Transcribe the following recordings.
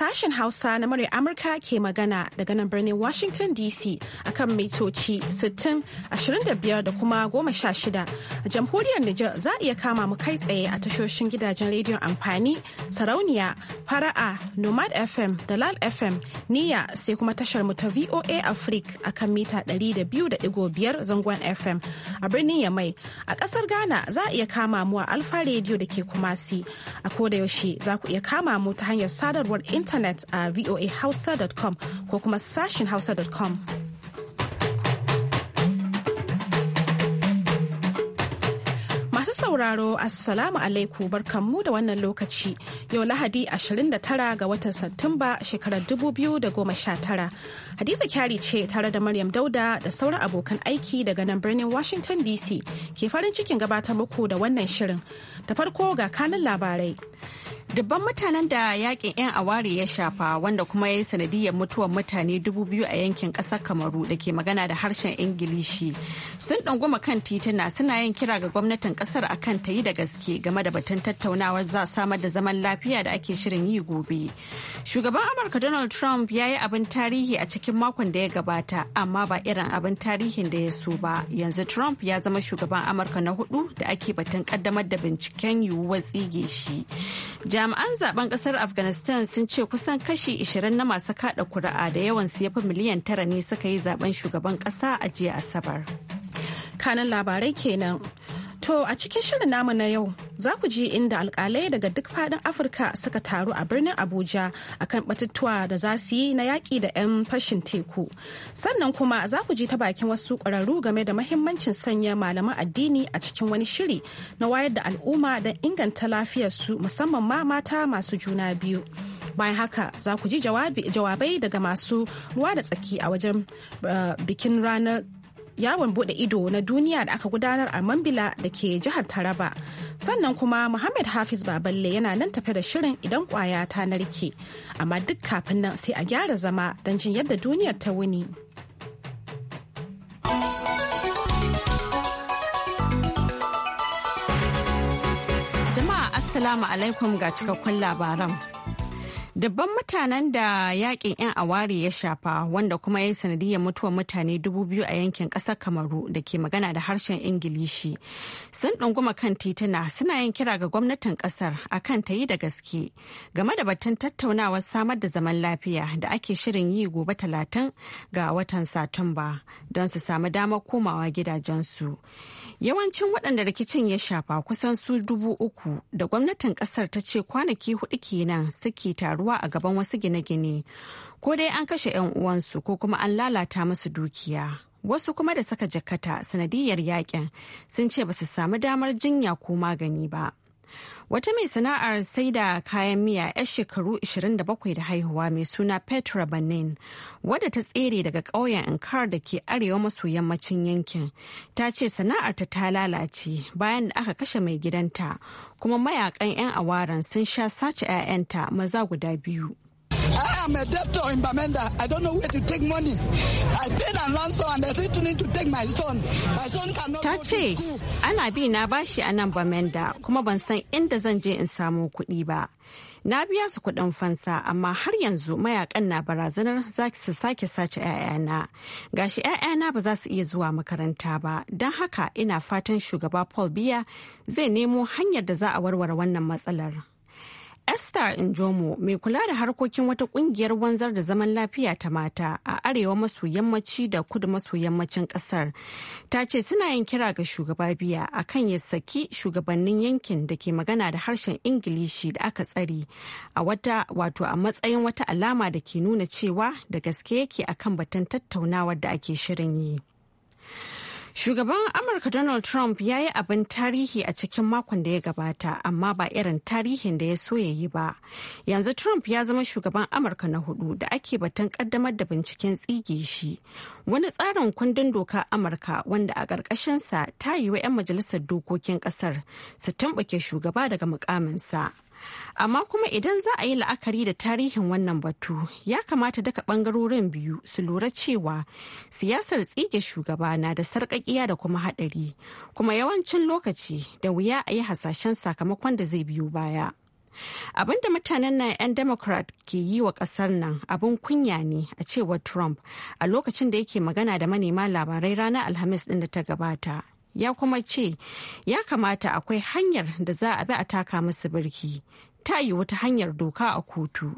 Sashen Hausa na murya Amurka ke magana daga nan birnin Washington DC akan mitoci sittin ashirin da kuma 16. A jamhuriyar Nijar za a iya kama mu kai tsaye a tashoshin gidajen rediyon amfani, sarauniya, fara'a, Nomad FM da Lal FM, niya sai kuma tashar mu ta VOA Africa akan mita 200.5 zangon FM a birnin Yamai. A ƙasar Ghana za a iya kama mu a Alfa rediyo da ke Kumasi. A koda yaushe za ku iya kama mu ta hanyar sadarwar intanet intanet a voahausa.com ko kuma sashin hausa.com. Masu sauraro, Assalamu alaikum barkanmu da wannan lokaci. Yau Lahadi 29 ga watan Satumba shekarar 2019. Hadiza kyari ce tare da Maryam Dauda da sauran abokan aiki daga nan birnin Washington DC ke farin cikin gabatar muku da wannan shirin. Da farko ga kanin labarai. Dubban mutanen da yakin 'yan aware ya shafa wanda kuma ya yi sanadiyar mutuwar mutane dubu biyu a yankin ƙasar Kamaru da ke magana da harshen Ingilishi sun ɗanguma kan tituna suna yin kira ga gwamnatin ƙasar akan ta yi da gaske game da batun tattaunawar za samar da zaman lafiya da ake shirin yi gobe. Shugaban Amurka Donald Trump ya yi abin tarihi a cikin makon da ya gabata amma ba irin abin tarihin da ya so ba. Yanzu Trump ya zama shugaban Amurka na hudu da ake batun kaddamar da binciken yiwuwar tsige shi. Jami'an zaben kasar Afghanistan sun ce kusan kashi 20 na masu kada kuri'a da yawan su ya fi miliyan tara ne suka yi zaben shugaban kasa a jiya Asabar. Kanan labarai kenan. To a cikin shirin namu na yau za ku ji inda alkalai daga duk faɗin Afirka suka taru a birnin Abuja akan batutuwa da za su yi na yaƙi da 'yan fashin teku. Sannan kuma za ku ji ta bakin wasu ƙwararru game da mahimmancin sanya malaman addini a cikin wani shiri na wayar da al'umma don inganta lafiyarsu musamman ma mata masu juna biyu. Bayan haka za ku ji jawabai daga masu ruwa da tsaki a wajen eh, bikin ranar yawon bude ido na duniya da aka gudanar a Mambila da ke jihar Taraba. Sannan kuma Muhammad Hafiz Baballe yana nan tafe da shirin idan kwaya ta narke. Amma duk kafin nan sai a gyara zama don jin yadda duniyar ta wuni. Jama'a Assalamu alaikum ga cikakkun labaran. Dabban mutanen da yakin 'yan aware ya shafa wanda kuma ya yi sanadiyar mutuwar mutane dubu biyu a yankin ƙasar Kamaru da ke magana da harshen Ingilishi sun ɗunguma kan tituna suna yin kira ga gwamnatin ƙasar kan ta yi da gaske game da batun tattaunawar samar da zaman lafiya da ake shirin yi gobe talatin ga watan Satumba don su samu damar komawa gidajensu. Yawancin waɗanda rikicin ya shafa kusan su dubu uku da gwamnatin ƙasar ta ce kwanaki hudu kenan suke taruwa a gaban wasu gine-gine. Ko dai an kashe 'yan uwansu ko kuma an lalata musu dukiya. Wasu kuma da saka jakata sanadiyar yakin sun ce ba su samu damar jinya ko magani ba. Wata mai sana'ar saida da kayan miya 'yar shekaru 27 da haihuwa mai suna Petra Benin, wadda ta tsere daga ƙauyen inkar da ke arewa maso yammacin yankin, ta ce sana'arta ta lalace bayan da aka kashe mai gidanta, kuma mayakan 'yan awaran sun sha sace 'ya'yanta maza guda biyu. I'm a debtor in Bamenda. I don't know where to take money. I paid a ransom and they to take my son. My son cannot Ta ce, ana bi na bashi a nan Bamenda kuma ban san inda zan je in samu kuɗi ba. Na biya su kuɗin fansa amma har yanzu mayakan na barazanar za su sake sace 'ya'yana. Gashi 'ya'yana ba za su iya zuwa makaranta ba, don haka ina fatan shugaba Paul Biya zai nemo hanyar da za a warware wannan matsalar. Esther Njomo mai kula da harkokin wata kungiyar wanzar da zaman lafiya ta mata a arewa maso yammaci da kudu maso yammacin kasar ta ce suna yin kira ga shugaba biya kan ya saki shugabannin yankin da ke magana da harshen ingilishi da aka tsari a wata wato a matsayin wata alama da ke nuna cewa da gaske yake akan batun tattaunawar da ake shirin yi. Shugaban Amurka Donald Trump ya yi abin tarihi a cikin makon da ya gabata, amma ba irin tarihin da ya so ya yi ba. Yanzu Trump ya zama shugaban Amurka na hudu da ake batun kaddamar da binciken tsige shi. Wani tsarin kundin doka Amurka wanda a ƙarƙashinsa ta yi wa 'yan majalisar dokokin ƙasar su tambake shugaba daga mukaminsa. amma kuma idan za a yi la'akari da tarihin wannan batu ya kamata daga bangarorin biyu su lura cewa siyasar tsige shugaba na da sarƙaƙiya da kuma haɗari kuma yawancin lokaci da wuya a yi hasashen sakamakon da zai biyo baya da mutanen na 'yan democrat ke yi wa kasar nan abin kunya ne a cewar trump a lokacin da yake magana da manema labarai ranar alhamis din da ta gabata ya kuma ce ya kamata akwai hanyar da za a bi a taka musu birki ta yi wata hanyar doka a kotu.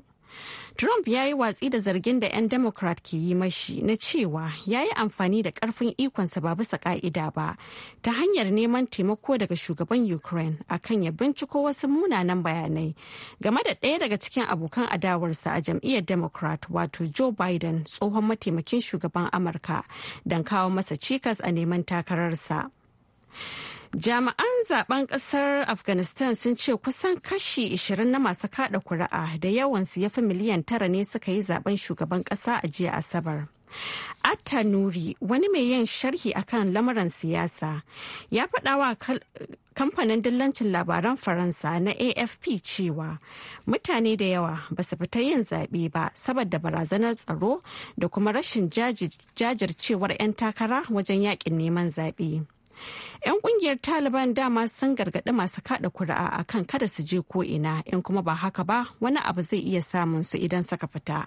Trump ya yi watsi da zargin da 'yan Democrat ke yi mashi na cewa ya yi amfani da karfin ikonsa ba bisa ka'ida ba ta hanyar neman taimako daga shugaban Ukraine akan ya binciko wasu munanan bayanai game da ɗaya daga cikin abokan adawarsa a jam'iyyar Democrat wato Joe Biden tsohon mataimakin shugaban Amurka don kawo masa cikas a neman takararsa. Jami'an zaben ƙasar Afghanistan sun ce kusan kashi 20 na masu kada kuri'a da yawansu ya fi miliyan tara ne suka yi zaben shugaban ƙasa a jiya Asabar. Atta Nuri wani mai yin sharhi akan lamuran siyasa ya faɗa wa kamfanin dillancin labaran Faransa na AFP cewa mutane da yawa ba su fita yin zaɓe ba saboda barazanar tsaro da kuma rashin jajircewar 'yan takara wajen yakin neman zaɓe. 'Yan kungiyar Taliban dama sun gargaɗi masu kada kuri'a a kan kada su je ko'ina in kuma ba haka ba wani abu zai iya samun su idan suka fita.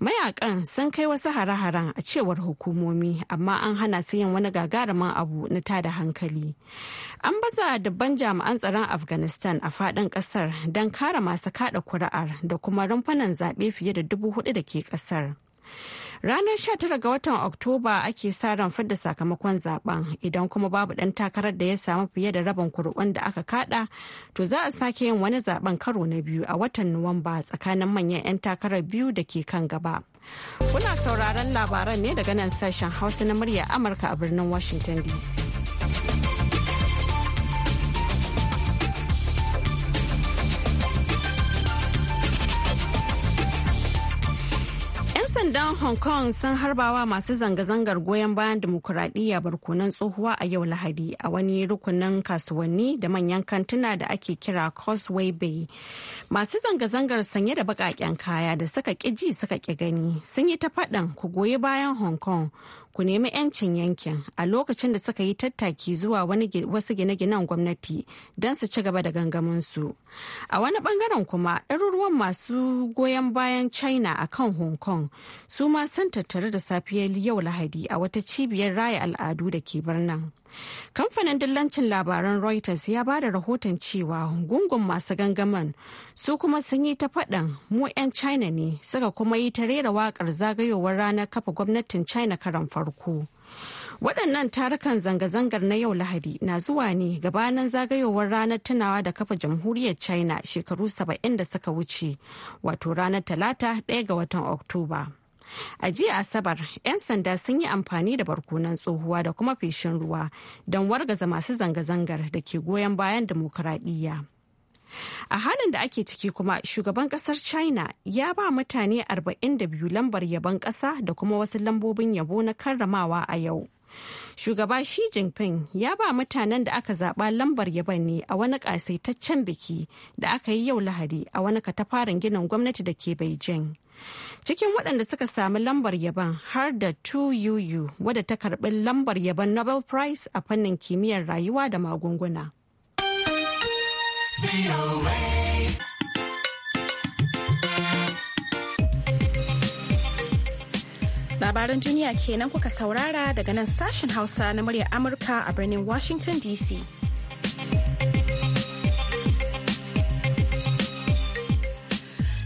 Mayakan sun kai wasu hare-haren a cewar hukumomi amma an hana su yin wani gagarumin abu na tada hankali. An baza dabban jami'an tsaron Afghanistan a faɗin ƙasar don kare masu kada kuri'ar da kuma rumfunan zaɓe fiye da dubu hudu da ke ƙasar. Ranar 19 ga watan Oktoba ake sa ran fidda sakamakon zaben idan kuma babu ɗan takarar da ya samu fiye da rabin kurkun da aka kada to za a sake yin wani zaben karo na biyu a watan Nuwamba tsakanin manyan 'yan takarar biyu da ke kan gaba. Kuna sauraron labaran ne daga nan sashen Hausa na murya Amurka a birnin Washington DC. sandan Hong Kong sun harbawa masu zanga-zangar goyon bayan demokuraɗiyya barkunan tsohuwa a yau Lahadi a wani rukunin kasuwanni da manyan kantuna da ake kira Causeway Bay. Masu zanga-zangar sanye da baƙaƙen kaya da suka ƙi ji suka ƙi gani sun yi ta faɗan ku goyi bayan Hong Kong ku nemi 'yancin yankin a lokacin da suka yi tattaki zuwa wasu gine-ginen gwamnati don su ci gaba da gangaminsu. A wani bangaren kuma ɗaruruwan masu goyon bayan China a kan Hong Kong su ma sun tattare da safiyar yau Lahadi a wata cibiyar raya al'adu da ke birnin. Kamfanin dillancin labaran Reuters ya ba da rahoton cewa gungun masu gangaman su kuma sun yi ta faɗan mu 'yan China ne suka kuma yi ta rera waƙar zagayowar ranar kafa gwamnatin China karan farko. Waɗannan tarukan zanga-zangar na yau Lahadi na zuwa ne gabanin zagayowar ranar tunawa da kafa jamhuriyar China shekaru saba'in da suka wuce, wato ranar Talata ɗaya ga watan Oktoba. A jiya Asabar, 'yan sanda sun yi amfani da barkonan tsohuwa da kuma feshin ruwa don wargaza masu zanga-zangar da ke goyon bayan demokuraɗiyya. A halin da ake ciki kuma shugaban kasar China ya ba mutane 42 lambar yabon ƙasa da kuma wasu lambobin yabo na karramawa a yau. Shugaba Xi Jinping ya ba mutanen da aka zaba lambar yaban ne a wani ƙasaitaccen biki da aka yi yau Lahadi a wani katafaren ginin gwamnati da ke Beijing. Cikin waɗanda suka sami lambar yaban har da 2UU wadda ta karɓi lambar yaban Nobel Prize a fannin kimiyyar rayuwa da magunguna. labaran duniya kenan kuka saurara daga nan sashen Hausa na muryar Amurka a birnin Washington DC.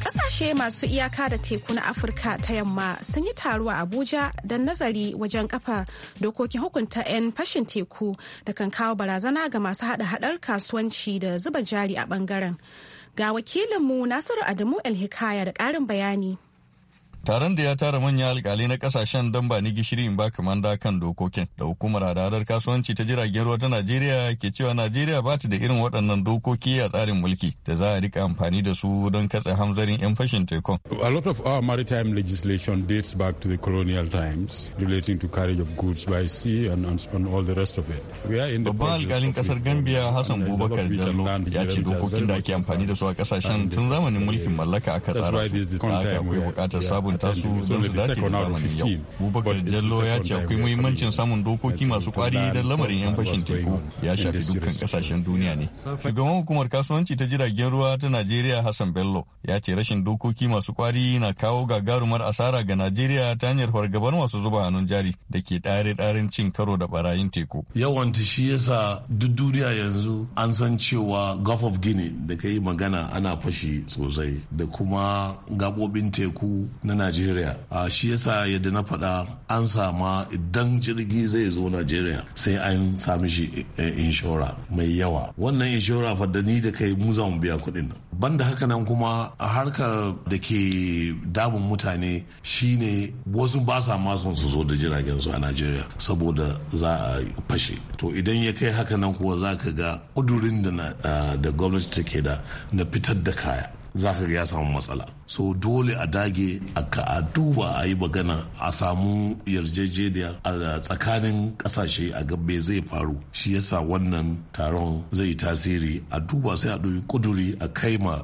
Kasashe masu iyaka da teku na Afirka ta yamma sun yi taro a Abuja don nazari wajen kafa dokokin hukunta 'yan fashin teku da kan kawo barazana ga masu hada hadar kasuwanci da zuba jari a bangaren. Ga wakilinmu Nasiru Adamu El da ƙarin bayani. Taron da ya tara manya alkalai na kasashen don ba ni gishiri in ba da kan dokokin da hukumar hadadar kasuwanci ta jiragen ruwa ta Najeriya ke cewa Najeriya ba ta da irin waɗannan dokoki a tsarin mulki da za a rika amfani da su don katse hamzarin 'yan fashin tekun. A lot of our maritime legislation dates back to the colonial times relating to carriage of goods by sea and, and all the rest of it. Babban alkalin kasar Gambia Hassan Bubakar Jallo ya ce dokokin da ake amfani da su a kasashen tun zamanin mulkin mallaka aka tsara su. Da aka akwai bukatar sabon ta su don su dace da zamanin yau. Bubakar Jallo ya ce akwai muhimmancin samun dokoki masu kwari don lamarin yan fashin teku ya shafi dukkan kasashen duniya ne. Shugaban hukumar kasuwanci ta jiragen ruwa ta Najeriya Hassan Bello ya ce rashin dokoki masu kwari na kawo gagarumar asara ga Najeriya ta hanyar fargabar masu zuba hannun jari da ke ɗare-ɗaren cin karo da barayin teku. Yawanta shi yasa duk duniya yanzu an san cewa Gulf of Guinea da ka yi magana ana fashi sosai da kuma gabobin teku na Najeriya. A shi yasa yadda na faɗa an sama idan jirgi zai zo Najeriya sai an sami shi eh, inshora mai yawa. Wannan inshora fadda ni da kai mu zan biya kuɗin nan. Banda haka nan kuma a harkar da ke damun mutane shine wasu ba sa ma son su zo da jiragen su a Najeriya saboda za a fashe. To idan ya kai haka nan kuwa za ka ga ƙudurin da eh, gwamnati take da na fitar da kaya za ka ga ya samu matsala. so dole a dage a duba a yi magana a samu yarjejeniya a tsakanin kasashe a gabe zai faru shi yasa wannan taron zai tasiri a duba sai a ɗoyi kuduri a kai ma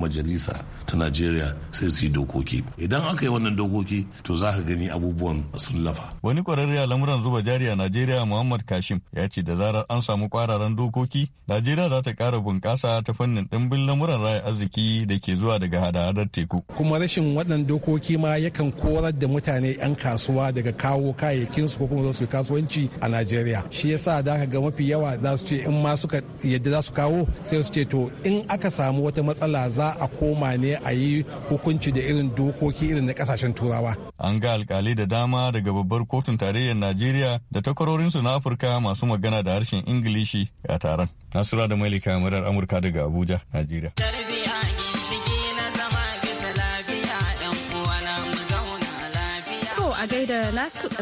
majalisa ta najeriya sai su yi dokoki idan aka yi wannan dokoki to za ka gani abubuwan sun lafa wani kwararre a lamuran zuba jari a najeriya muhammad kashim ya ce da zarar an samu kwararan dokoki najeriya za ta kara bunƙasa ta fannin ɗimbin lamuran raya arziki da ke zuwa daga hada-hadar teku kuma rashin waɗannan dokoki ma yakan korar da mutane 'yan kasuwa daga kawo kayayyakinsu ko kuma za su kasuwanci a najeriya shi yasa da ga mafi yawa za su ce in ma suka yadda za su kawo sai su ce to in aka samu wata matsala za a koma ne a yi hukunci da irin dokoki irin na kasashen turawa an ga alkalai da dama daga babbar kotun tarayyar najeriya da takwarorinsu na afirka masu magana da harshen ingilishi a taron nasura da mailika murar amurka daga abuja najeriya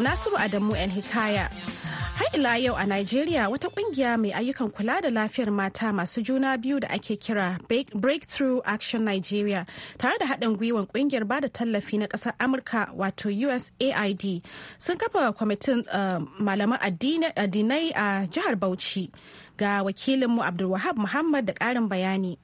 Nasiru Adamu and Hikaya. Har ila yau a nigeria wata kungiya mai ayyukan kula da lafiyar mata masu juna biyu da ake kira Breakthrough Action Nigeria tare da haɗin gwiwan kungiyar ba da tallafi na ƙasar Amurka wato USAID sun kafa kwamitin eh, malaman addinai a jihar Bauchi ga wakilinmu Abdulwahab Muhammad da ƙarin bayani.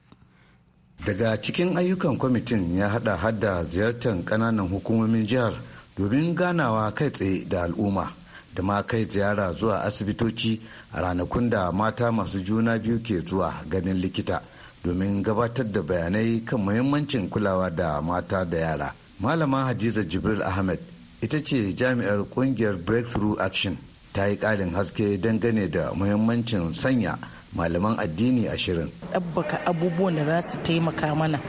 Daga cikin ayyukan kwamitin ya hada hada ziyartar ƙananan hukumomin jihar. domin ganawa kai tsaye da al'umma da ma kai ziyara zuwa asibitoci a ranakun da mata masu juna biyu ke zuwa ganin likita domin gabatar da bayanai kan muhimmancin kulawa da mata da yara malama hadiza jibril ahmed ita ce jami'ar kungiyar breakthrough action ta yi ƙarin haske dangane da muhimmancin sanya malaman addini ashirin. ɗabbaka abubuwan da za su taimaka mana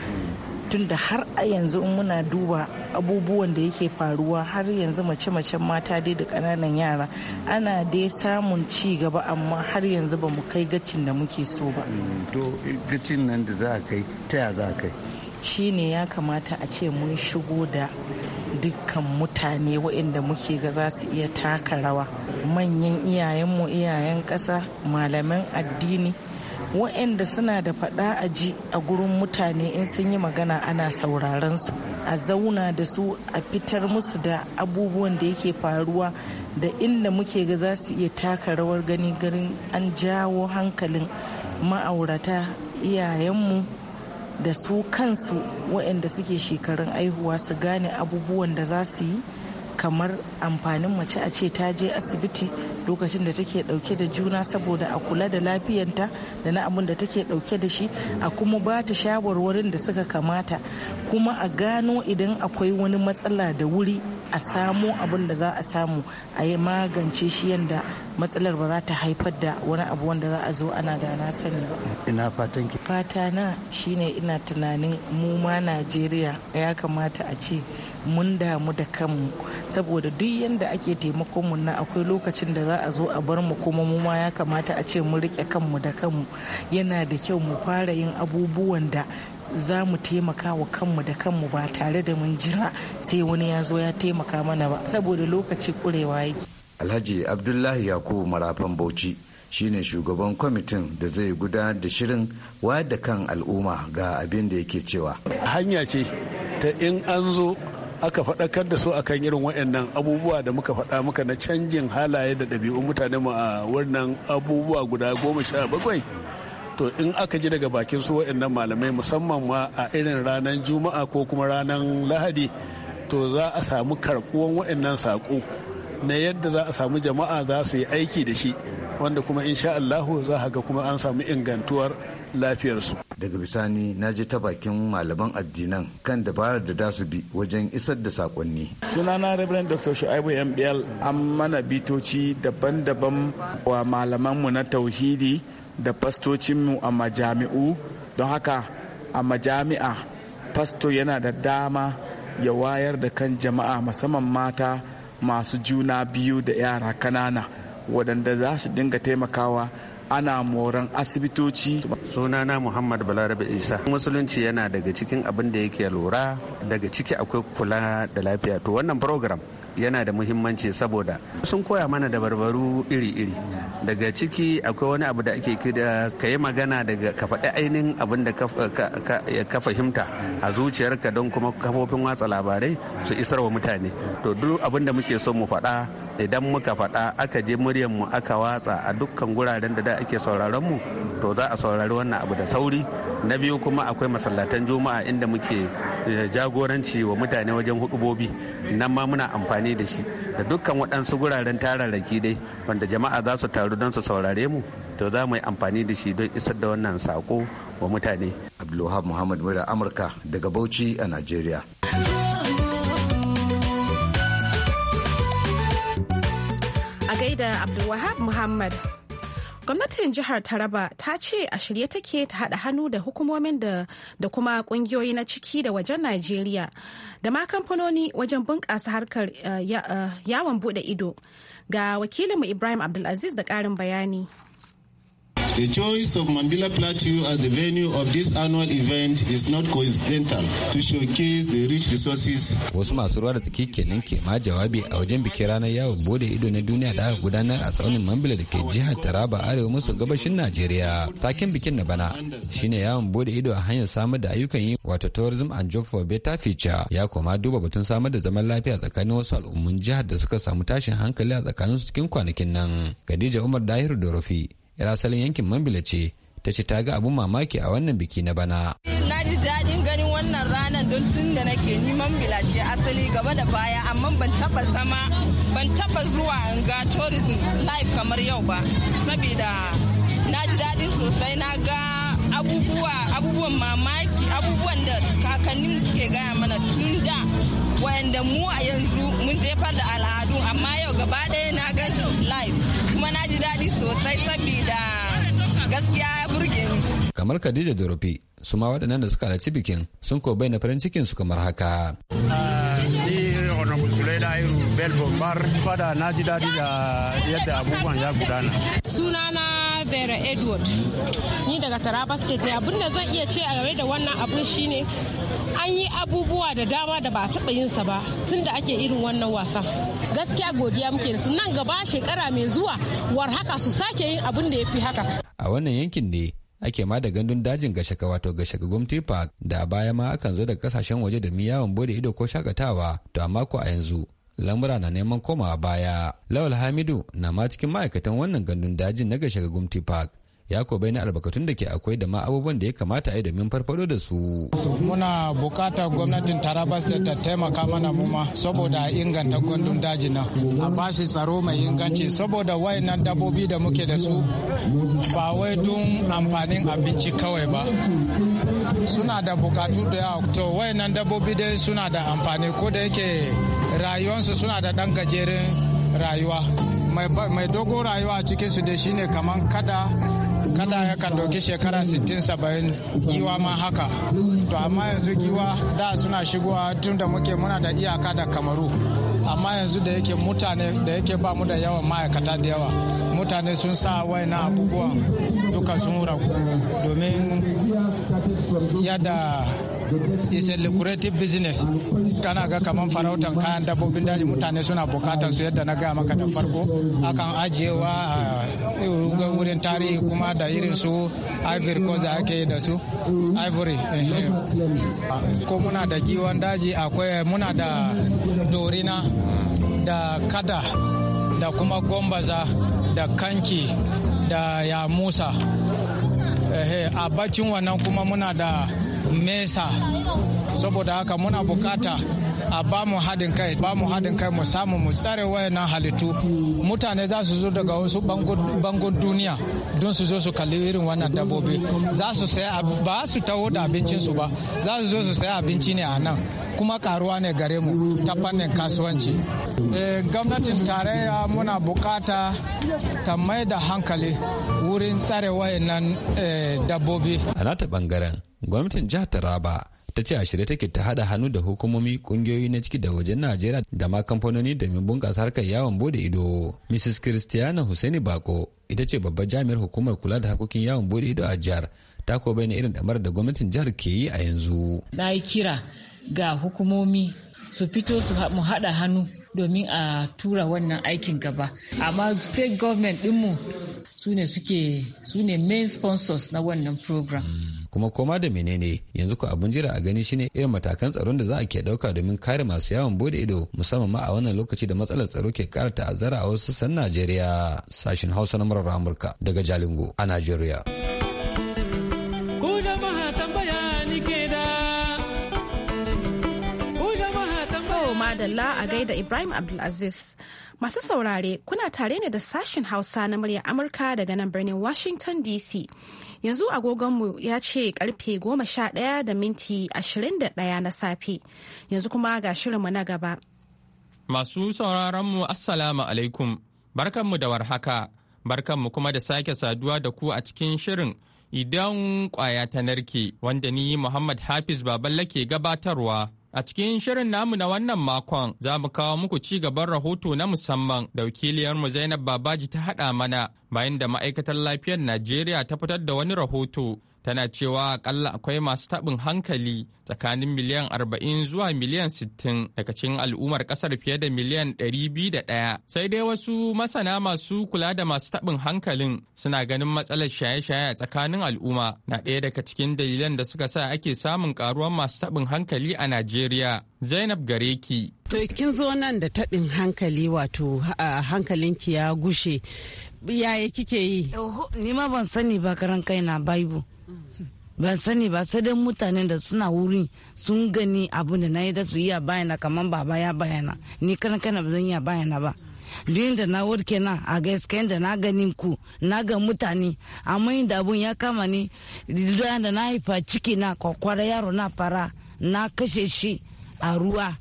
tunda har a yanzu in muna duba abubuwan da yake faruwa har yanzu mace-macen mata dai da ƙananan yara ana dai samun ci gaba amma har yanzu ba mu kai gacin da muke so ba mm, to gacin nan da za a kai ta ya za a kai Shi ne ya kamata a ce mun shigo da dukkan mutane waɗanda muke ga za su iya taka rawa manyan iyayenmu iyayen ƙasa malaman addini waɗanda suna da faɗa a ji a gurin mutane in sun yi magana ana sauraron su a zauna da su a fitar musu da abubuwan da yake faruwa da inda muke ga za su iya taka rawar gani garin an jawo hankalin ma'aurata iyayenmu da su kansu waɗanda suke shekarun aihuwa su gane abubuwan da za su yi kamar amfanin mace a ce ta je asibiti lokacin da take dauke da juna saboda a kula da lafiyanta da na abun da take dauke da shi a kuma ba ta shawarwarin da suka kamata kuma a gano idan akwai wani matsala da wuri a samo abun da za a samu a yi magance shi yadda matsalar ba za ta haifar da wani abu wanda za a zo ana da na sani ba. Ina fatan ki. Fata na shine ina tunanin mu ma Najeriya ya kamata a ce mun damu da kanmu saboda duk yadda ake taimakon mu na akwai lokacin da za a zo a bar mu kuma mu ma ya kamata a ce mu rike kanmu da kanmu yana da kyau mu fara yin abubuwan da za mu taimaka wa kanmu da kanmu ba tare da mun jira sai wani ya zo ya taimaka mana ba saboda lokaci kurewa yake alhaji abdullahi yakubu marafan bauchi shine shugaban kwamitin da zai gudanar da shirin wayar da kan al'umma ga abin da yake cewa hanya ce ta in an zo aka faɗakar da su akan irin waɗannan abubuwa da muka faɗa muka na canjin halaye da ɗabi'un mutane mu a wannan abubuwa guda goma sha bakwai to in aka ji daga bakin su waɗannan malamai musamman ma a irin ranar juma'a ko kuma ranar lahadi to za a samu karɓuwan waɗannan saƙo na yadda za a samu jama'a za su yi aiki da shi wanda kuma insha Allahu za ga kuma an samu ingantuwar lafiyarsu. Daga bisani na je ta bakin malaman addinan kan dabarar da za bi wajen isar da sakonni. Sunana Reverend Dr. Shu'aibu MBL an mana bitoci daban-daban wa malamanmu na tauhidi da fastocinmu a majami'u don haka a majami'a fasto yana da dama ya wayar da kan jama'a musamman mata masu juna biyu da yara kanana waɗanda za su dinga taimakawa ana moran asibitoci sunana muhammad balarabe isa musulunci yana daga cikin abin da yake lura daga ciki akwai kula da lafiya to wannan program yana da muhimmanci saboda sun koya mana dabarbaru iri-iri daga ciki akwai wani abu da ake kira ka yi magana daga ka faɗi ainihin abin da ka fahimta a zuciyarka don kuma kafofin watsa labarai su isar wa mutane to duk abin da muke so mu faɗa idan muka faɗa aka je mu aka watsa a dukkan guraren da da ake sauraron mu to za a saurari wannan abu da sauri na biyu kuma akwai masallatan juma'a inda muke eh, jagoranci wa mutane wajen hudubobi nan ma muna amfani da shi da dukkan waɗansu guraren tararraki dai wanda jama'a za su taru don su saurare mu to za mu yi amfani da shi don isar da wannan sako wa mutane abdulwahab muhammad mura amurka daga bauchi a najeriya da Abdulwahab Muhammad. Gwamnatin jihar Taraba ta ce a shirye take ta haɗa hannu da hukumomin da kuma ƙungiyoyi na ciki da wajen Najeriya da ma kamfanoni wajen bunƙasa harkar eh, eh, yawon buɗe ido. Ga wakilinmu Ibrahim Abdulaziz da ƙarin bayani. The choice of Mambila Plateau as the venue of this annual event is not coincidental to showcase the rich resources. Wasu masu ruwa da tsaki kenan ke ma jawabi a wajen bikin ranar yawon bude ido na duniya da aka gudanar a tsaunin Mambila da ke jihar Taraba arewa maso gabashin Najeriya. takin bikin na bana shine yawon bude ido a hanyar samar da ayyukan yi wato tourism and job for better future ya koma duba batun samar da zaman lafiya tsakanin wasu al'ummun jihar da suka samu tashin hankali a tsakanin su cikin kwanakin nan. Khadija Umar Dahiru Dorofi yar asalin yankin mambila ce ta ce ta ga abun mamaki a wannan biki na bana. Na ji daɗin ganin wannan ranar don tun da nake ni mambila ce asali gaba da baya amma ban taba zama ban taba zuwa in ga tourism life kamar yau ba saboda na ji daɗin sosai na ga abubuwa abubuwan mamaki abubuwan da kakannin suke gaya mana tun da wayanda mu a yanzu mun jefar da al'adu amma yau gaba ɗaya na gan live kuma na ji daɗi sosai saboda gaskiya ya burge ni. Kamar Khadija Dorofi, su ma waɗannan da suka halarci bikin sun ko bayyana farin cikin su kamar haka. Ah, Belbombar fada na ji daɗi da yadda abubuwan ya gudana. Sunana Vera Edward, ni daga Taraba State ne abinda zan iya ce a game da wannan abun shine an yi abubuwa da dama da ba a taɓa sa ba tun da ake irin wannan wasan. gaskiya godiya muke su nan gaba shekara mai zuwa war haka su sake yin abin da ya fi haka a wannan yankin ne ake ma da gandun dajin gashaka wato gashaka gumti park da baya ma akan zo daga kasashen waje da yawon bude ido ko shakatawa to amma ko a yanzu lamura na neman komawa baya lawal hamidu na ma cikin ma'aikatan wannan gandun dajin na gashaka gumti park ya ko na albarkatun da ke akwai da ma abubuwan da ya kamata a yi domin farfado da su. Muna bukatar gwamnatin Taraba State ta taimaka mana muma saboda inganta gwandun daji na a bashi tsaro mai inganci saboda wayannan dabbobi da muke da su ba wai don amfanin abinci kawai ba. Suna da bukatu da yawa to wayannan dabbobi dai suna da amfani ko da yake rayuwarsu suna da ɗan gajeren rayuwa. Mai dogo rayuwa a cikinsu dai shine kamar kada kada yakan ɗauki shekara 60-70 giwa ma haka to amma yanzu giwa da suna shigowa tun da muke muna da iyaka da kamaru amma yanzu da yake mutane da yake ba mu da yawan ma'aikata da yawa mutane sun sa na abubuwa duka sun ragu domin yada is a lucrative business kana ga kamar farautan kayan dabbobin daji mutane suna bukatar su yadda na gaya maka da farko akan ajiyewa a wurin tarihi kuma da irin su ivory ko za ake yi da su ivory eh, ko muna da giwon daji akwai muna da dorina da kada da kuma gombaza da kanki da yamusa eh, eh, a bakin wannan kuma muna da nesa saboda haka muna bukata a ba mu haɗin kai ba mu haɗin kai mu samu mu tsare wayannan halittu mutane za su zo daga wasu bangon duniya don su zo su kalli irin wannan dabbobi za su saya ba su taho da abincin su ba za su zo su saya abinci ne a nan kuma karuwa ne gare mu ta fannin kasuwanci eh, gwamnatin tarayya muna bukata ta mai da hankali wurin tsare wayannan eh, dabobi. a nata bangaren gwamnatin jihar taraba ta ce a shirye take ta hada hannu da hukumomi kungiyoyi na ciki da wajen najeriya da ma kamfanoni domin bunkasa harkar yawon bude ido mrs christiana husaini bako ita ce babbar jami'ar hukumar kula da hakokin yawon bude ido a jihar ta ko bayyana irin damar da gwamnatin jihar ke yi a yanzu na yi kira ga hukumomi su fito su mu hada hannu domin a tura wannan aikin gaba amma state government dinmu su ne suke su main sponsors na wannan program kuma koma da menene yanzu ku abun jira a gani shine irin matakan tsaron da za a ke dauka domin kare masu yawon bude ido musamman ma a wannan lokaci da matsalar tsaro ke kara ta'azzara a wasu sassan Najeriya Sashen Hausa na murar Amurka daga Jalingo a Najeriya. Abdulla a gaida Ibrahim Abdulaziz. Masu saurare kuna tare ne da sashen Hausa na muryar Amurka daga nan birnin Washington DC. Yanzu agogonmu ya ce karfe goma sha ɗaya da minti ashirin da ɗaya na safe. Yanzu kuma ga shirinmu na gaba. Masu sauraronmu Assalamu alaikum. Barkanmu da warhaka. Barkanmu kuma da sake saduwa da ku a cikin shirin idan kwaya ta narke wanda ni Muhammad Hafiz Baballa ke gabatarwa. A cikin shirin namu na wannan makon za mu kawo muku ci gaban rahoto na musamman da wakiliyarmu Zainab Babaji ta haɗa mana bayan da ma'aikatar lafiyar Najeriya ta fitar da wani rahoto tana cewa akalla akwai masu taɓin hankali tsakanin miliyan 40 zuwa miliyan 60 daga cikin al'ummar ƙasar fiye da miliyan 201 sai dai wasu masana masu kula da masu taɓin hankalin suna ganin matsalar shaye-shaye a tsakanin al'umma na ɗaya daga cikin dalilan da suka sa ake samun ƙaruwar masu taɓin hankali a najeriya zainab gareki to kin zo nan da taɓin hankali wato hankalinki ya gushe yaya kike yi ni ma ban sani ba karan kaina bible ban sani ba sai dai mutanen da suna wuri sun gani abin da na yi da su iya bayana kamar baba ya bayana ni kana kana ba zan iya bayana ba duyin da na warke na a gaskiya da na ganin ku na ga mutane amma yin da abun ya kama ni da na haifa ciki na kwakwara yaro na fara na kashe shi a ruwa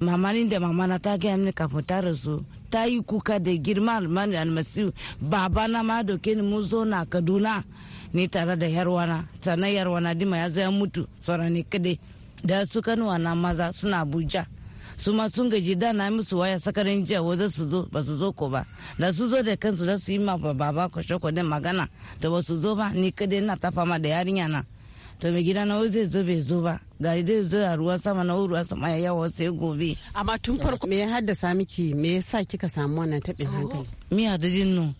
mamani da mamana ta gaya mini kafin ta rasu ta yi kuka da girma almanin almasiu baba na ma doke ni mun zo na kaduna ni tare da yarwana sannan yarwana dima ya zo ya mutu sauran ni kade da su kanuwa na maza suna abuja su ma sun gaji da na musu waya sakarin jiya wajen su zo ba su zo ko ba da su zo da kansu da su yi ma baba kwashe kwade magana da ba su zo ba ni kade na ta fama da yarinya na to mai gida na zai zo bai zo ba ga dai zuwa ruwan sama na ruwan sama ya yawa sai gobe amma tun farko me ya haddasa miki me yasa kika samu wannan taɓin hankali miya da dinno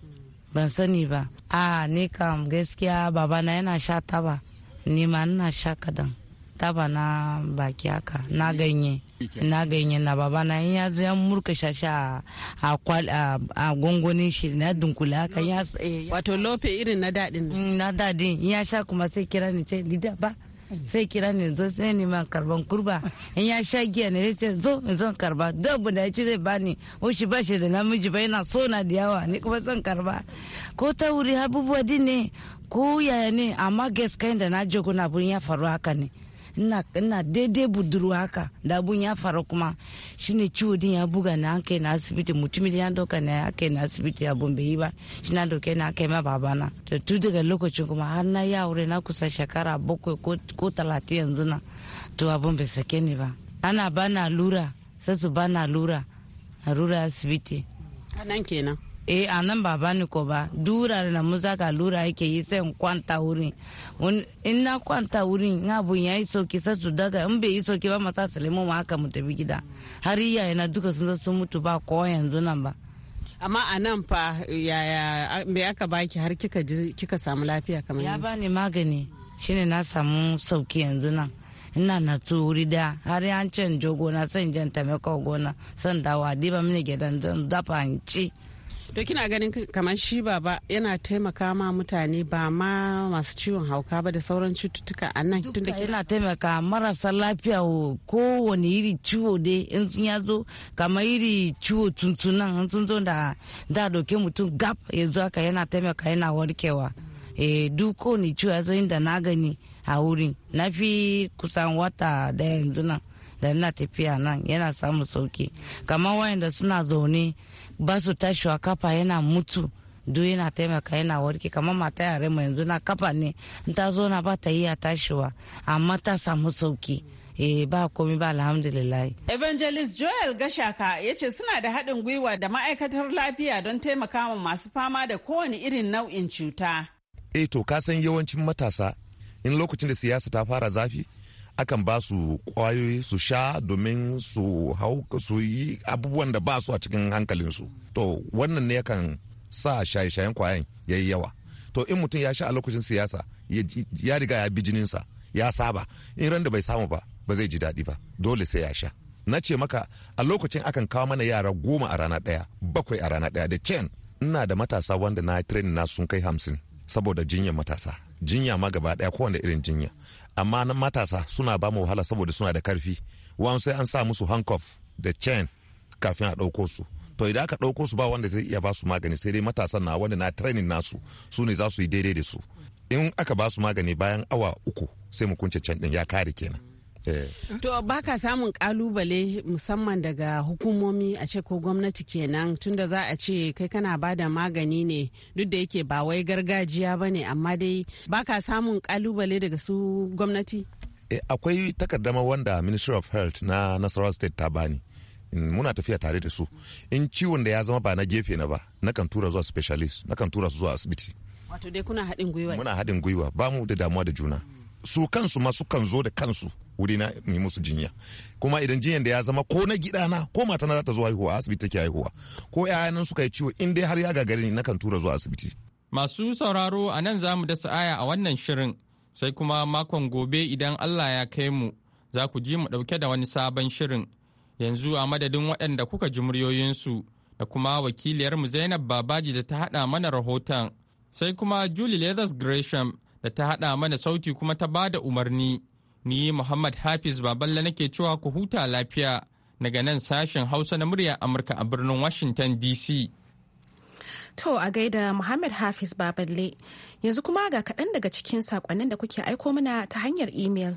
ban sani ba a ne kam gaskiya Baba na yana sha taba ni ma ina sha kadan taba na baki haka na ganye na ganye na baba na ya ya murka shashi a a gongonin shi na dunkula haka eh, ya wato lofe irin na dadin mm, na dadin ya sha kuma sai kira ni ce lida ba sai kira ne zo sai ne ma karban kurba in ya sha giya ne ce zo in zan karba dabu da ya ce zai bani wushi bashi ba shi da namiji ba yana so na da yawa ni kuma zan karba ko ta wuri abubuwa din ne ko yaya ne amma gaskiya da na jogo na ya faru haka ne. ina ina daidai budurwa haka da abun ya faru kuma shine ciwo din ya buga na kai na asibiti mutumin ya doka na kai na asibiti abun bai yi ba shi na na kai ma babana to tun daga lokacin kuma har na ya aure na kusa shekara bakwai ko talatin yanzu na to abun bai sake ni ba ana bana lura sai su bana lura a lura asibiti anan kenan eh a nan ba bani ko ba dura na mu za ka lura yake yi sai kwanta wurin in na kwanta wurin in abun ya yi sauki sai su daga in bai yi sauki ba mata salimu ma haka mu tafi gida har iyaye na duka sun sun mutu ba ko yanzu nan ba amma a nan fa yaya me aka baki har kika kika samu lafiya kamar ya bani magani shine na samu sauki yanzu nan ina na wuri da har an can jo gona san jan kawo gona san dawa diba mini gidan dafa ci to kina ganin kamar shi baba yana taimaka ma mutane ba ma masu ciwon hauka ba da sauran cututtuka a nan tunda yana taimaka marasa lafiya kowane iri ciwo dai in sun ya zo kamar iri ciwo tuntunan in sun zo da da doke mutum gab ya zo aka yana taimaka yana warkewa eh duk kowane ciwo ya zo inda na gani a wurin na fi kusan wata da yanzu nan da na tafiya nan yana samun sauki kamar wayanda suna zaune ba su tashiwa kafa yana mutu duk yana taimaka yana warke kamar mata yare mu yanzu na kafa ne in ta zo na ba ta yi a tashiwa amma ta samu sauki eh ba komi ba alhamdulillah evangelist joel gashaka ya ce suna da haɗin gwiwa da ma'aikatar lafiya don taimakawa masu fama da kowane irin nau'in cuta eh to ka san yawancin matasa in lokacin da siyasa ta fara zafi akan ba su kwayoyi su sha domin su hau su yi abubuwan da ba su a cikin hankalinsu to wannan ne yakan sa shaye-shayen kwayan ya yi yawa to in mutum ya sha a lokacin siyasa ya riga ya bi jininsa ya saba in randa bai samu ba ba zai ji daɗi ba dole sai ya sha na ce maka a lokacin akan kawo mana yara goma a rana ɗaya bakwai a rana ɗaya da chain ina da matasa wanda na training na sun kai hamsin saboda jinyar matasa jinya ma gaba daya kowane irin jinya amma na matasa suna ba mu wahala saboda suna da karfi wani sai an sa musu hankof da chain kafin a ɗauko su to idan aka ɗauko su ba wanda zai iya ba su magani sai dai matasan na wanda na training nasu su ne za su yi daidai da su in aka ba su magani bayan awa uku sai mu kunce can ɗin ya kare kenan Eh. To baka samun kalubale musamman daga hukumomi a ce ko gwamnati kenan tunda za a ce kai kana ba da magani ne duk da yake ba wai gargajiya ba ne amma dai baka samun kalubale daga su gwamnati? Eh, akwai takardama wanda Ministry of Health na Nasarawa State ta bani. muna tafiya tare da su in ciwon da ya zama ba na gefe na ba na kan tura zuwa specialist na kan tura su zuwa asibiti wato dai kuna haɗin gwiwa muna haɗin gwiwa ba mu da damuwa da juna su kansu ma sukan zo da kansu wuri na musu jinya kuma idan jinyar da ya zama ko na gidana ko matana za ta zo haihuwa asibiti take haihuwa ko yayanan suka yi ciwo in dai har ya gagare ni nakan tura zuwa asibiti masu sauraro a nan za mu dasa aya a wannan shirin sai kuma makon gobe idan Allah ya kai mu za ku ji mu ɗauke da wani sabon shirin yanzu a madadin waɗanda kuka ji muryoyinsu da kuma wakiliyar mu Zainab Babaji da ta haɗa mana rahoton sai kuma Julie Leathers Gresham da ta haɗa mana sauti kuma ta ba da umarni. Ni Muhammad Hafiz Baballa nake cewa ku huta lafiya daga nan sashen Hausa na murya Amurka a birnin Washington DC. To a gaida Muhammad Hafiz Baballe yanzu kuma ga kaɗan daga cikin saƙonnin da kuke aiko mana ta hanyar imel.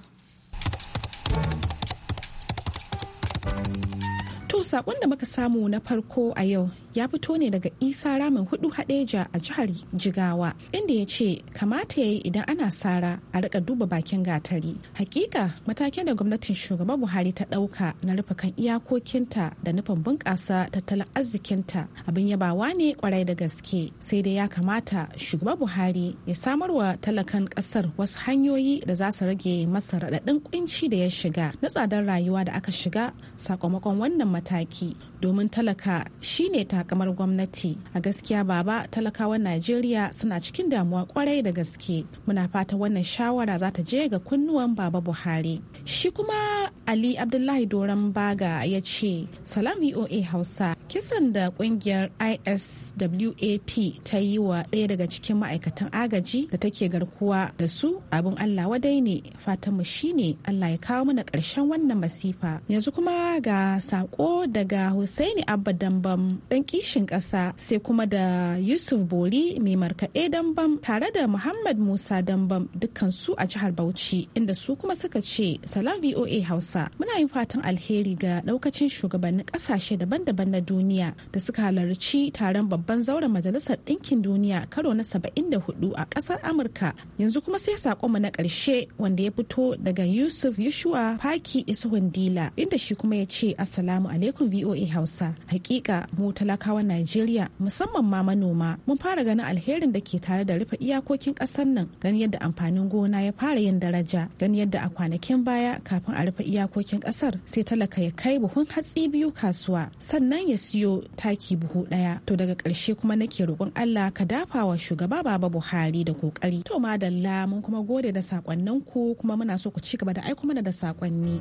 To saƙon da muka samu na farko a yau ya fito ne daga isa ramin hudu hadeja a jihar jigawa inda ya ce kamata ya yi idan ana sara a rika duba bakin gatari hakika matakin da gwamnatin shugaba buhari ta dauka na rufe kan iyakokinta da nufin bunƙasa tattalin arzikinta abin yabawa ne kwarai da gaske sai dai ya kamata shugaba buhari ya samar wa talakan ƙasar wasu hanyoyi da za su rage masa raɗaɗin kunci da ya shiga na tsadar rayuwa da aka shiga sakamakon wannan mataki domin talaka shine takamar gwamnati a gaskiya baba talakawan najeriya suna cikin damuwa kwarai da gaske muna fata wannan shawara za ta je ga kunnuwan baba buhari shi kuma Ali Abdullahi Doron Baga ya ce, Salam VOA Hausa, kisan da kungiyar ISWAP ta yi wa ɗaya daga cikin ma'aikatan agaji da take garkuwa da su abin Allah wadai ne shi shine Allah ya kawo mana ƙarshen wannan masifa. Yanzu kuma ga saƙo daga Hussaini Abba Dambam ɗan kishin ƙasa sai kuma da Yusuf Bori mai markaɗe Dambam tare da Muhammad Musa Dambam dukkan su a jihar Bauchi inda su kuma suka ce Salam VOA Hausa. ƙasa muna yin fatan alheri ga ɗaukacin shugabannin ƙasashe daban-daban na duniya da suka halarci taron babban zauren majalisar ɗinkin duniya karo na 74 a ƙasar amurka yanzu kuma sai mu na ƙarshe wanda ya fito daga yusuf yushua faki isuhun dila inda shi kuma ya ce assalamu alaikum voa hausa hakika mu talakawan najeriya musamman ma manoma mun fara ganin alherin da ke tare da rufe iyakokin ƙasar nan gani yadda amfanin gona ya fara yin daraja gani yadda a kwanakin baya kafin a rufe iyakokin iyakokin kasar sai talaka ya kai buhun hatsi biyu kasuwa sannan ya siyo taki buhu daya to daga karshe kuma nake roƙon Allah ka dafa wa shugaba baba Buhari da kokari to madalla mun kuma gode da sakonnin kuma muna so ku ci gaba da aiko mana da sakonni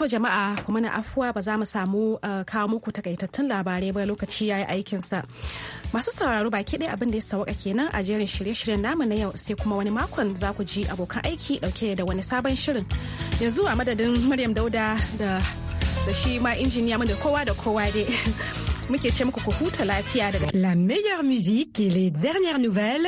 To jama'a kuma na afuwa ba za mu samu eh, kawo muku takaitattun labarai ba lokaci ya yi aikinsa. masu sauraro baki ɗaya abin da ya sauka kenan a jerin shirye-shiryen namu na yau sai kuma wani makon za ku ji abokan aiki ɗauke da wani sabon shirin yanzu a madadin maryam dauda da da shi ma injiniya mu da kowa da kowa dai muke ce muku ku huta lafiya daga la meilleure musique et les dernières nouvelles